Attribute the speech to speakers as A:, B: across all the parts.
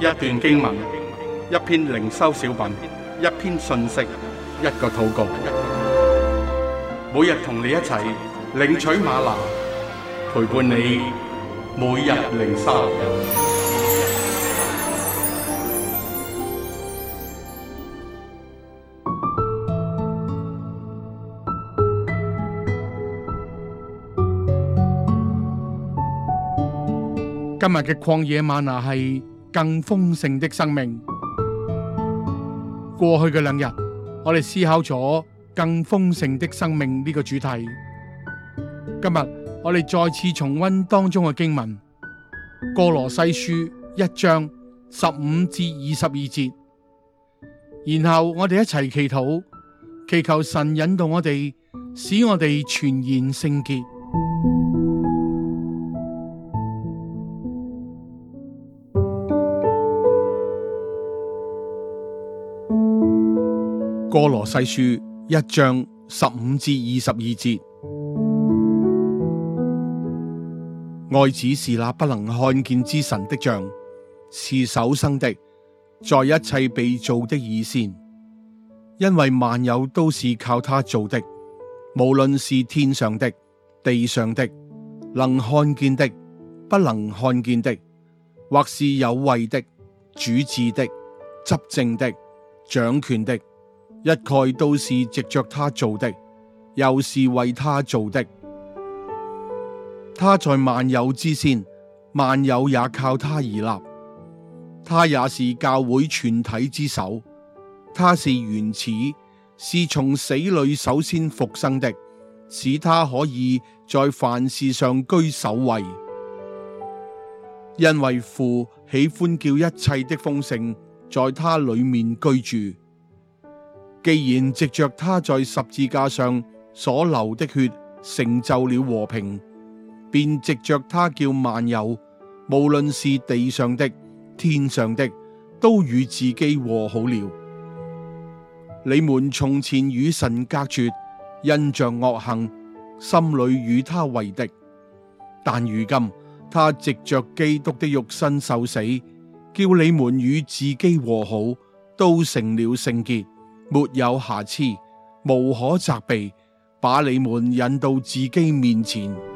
A: 一段經文，一篇靈修小品，一篇信息，一個禱告。每日同你一齊領取嗎哪，陪伴你每日靈修。今日嘅曠野嗎哪係。更豐盛的生命。過去嘅兩日，我哋思考咗更豐盛的生命呢個主題。今日我哋再次重温當中嘅經文《歌羅西書》一章十五至二十二節，然後我哋一齊祈禱，祈求神引導我哋，使我哋全然聖潔。歌羅西書一章十五至二十二節，愛子是那不能看見之神的像，是首生的，在一切被造的以先，因為萬有都是靠他造的，無論是天上的、地上的，能看見的、不能看見的，或是有位的、主治的、執政的、掌權的。一概都是藉着他做的，又是為他做的。他在萬有之先，萬有也靠他而立。他也是教會全體之首。他是原始，是從死裏首先復生的，使他可以在凡事上居首位。因為父喜歡叫一切的豐盛在他裏面居住。既然藉着他在十字架上所流的血成就了和平，便藉着他叫萬有，無論是地上的、天上的，都與自己和好了。你們從前與神隔絕，因着惡行，心裏與他為敵；但如今他藉着基督的肉身受死，叫你們與自己和好，都成了聖潔，沒有瑕疵，無可責備，把你們引到自己面前。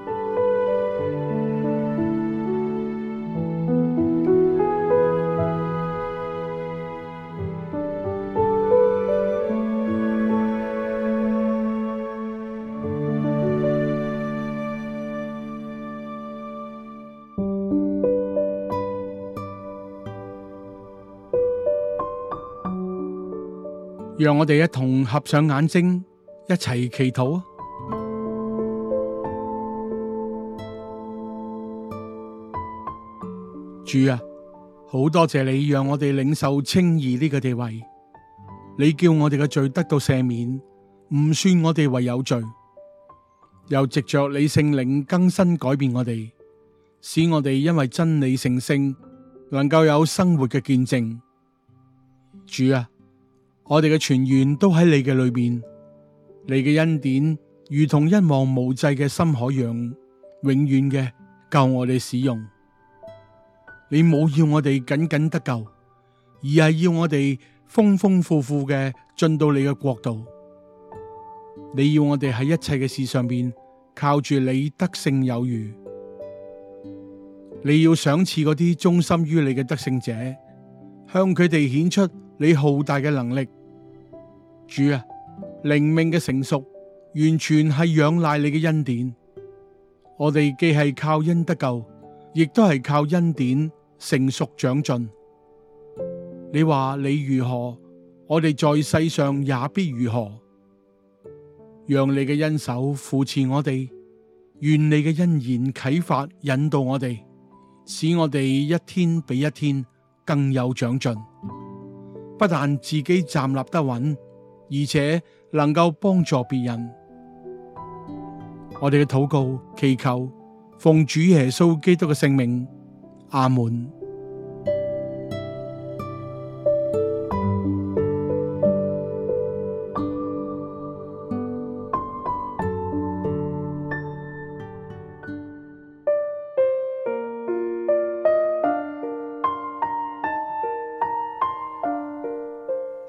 A: 讓我哋一同合上眼睛，一齊祈禱啊！主啊，好多謝你讓我哋領受稱義呢個地位，你叫我哋嘅罪得到赦免，唔算我哋為有罪。又藉着你聖靈更新改變我哋，使我哋因為真理成聖，能夠有生活嘅見證。主啊！我哋嘅全員都喺你嘅裏邊，你嘅恩典如同一望無際嘅深海洋，永遠嘅夠我哋使用。你冇要我哋僅僅得救，而係要我哋豐豐富富嘅進到你嘅國度。你要我哋喺一切嘅事上邊靠住你得勝有餘。你要賞賜嗰啲忠心於你嘅得勝者，向佢哋顯出。你好大嘅能力，主啊，靈命嘅成熟完全係仰賴你嘅恩典。我哋既係靠恩得救，亦都係靠恩典成熟長進。你話你如何，我哋在世上也必如何。讓你嘅恩手扶持我哋，願你嘅恩言啟發引導我哋，使我哋一天比一天更有長進。不但自己站立得穩，而且能夠幫助別人。我哋嘅禱告、祈求，奉主耶穌基督嘅聖名，阿門。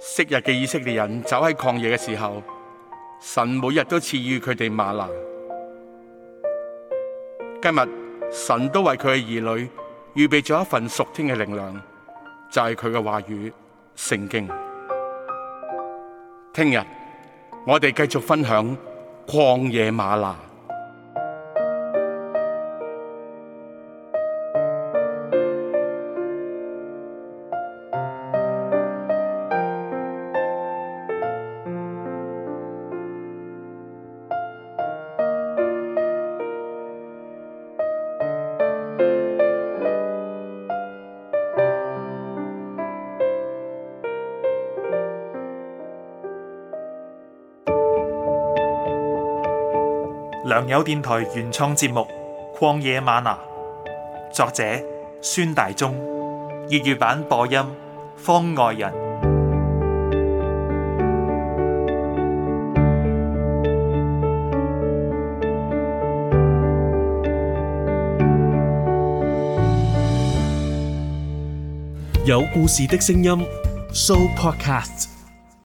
A: 昔日嘅以色列人走喺曠野嘅時候，神每日都賜予佢哋嗎哪。今日神都為佢嘅兒女預備咗一份屬天嘅靈糧，就係佢嘅話語《聖經》。聽日我哋繼續分享曠野嗎哪。良友電台原創節目《曠野嗎哪》，作者孫大中，粵語版播音方外人，有故事的聲音，So Podcasts。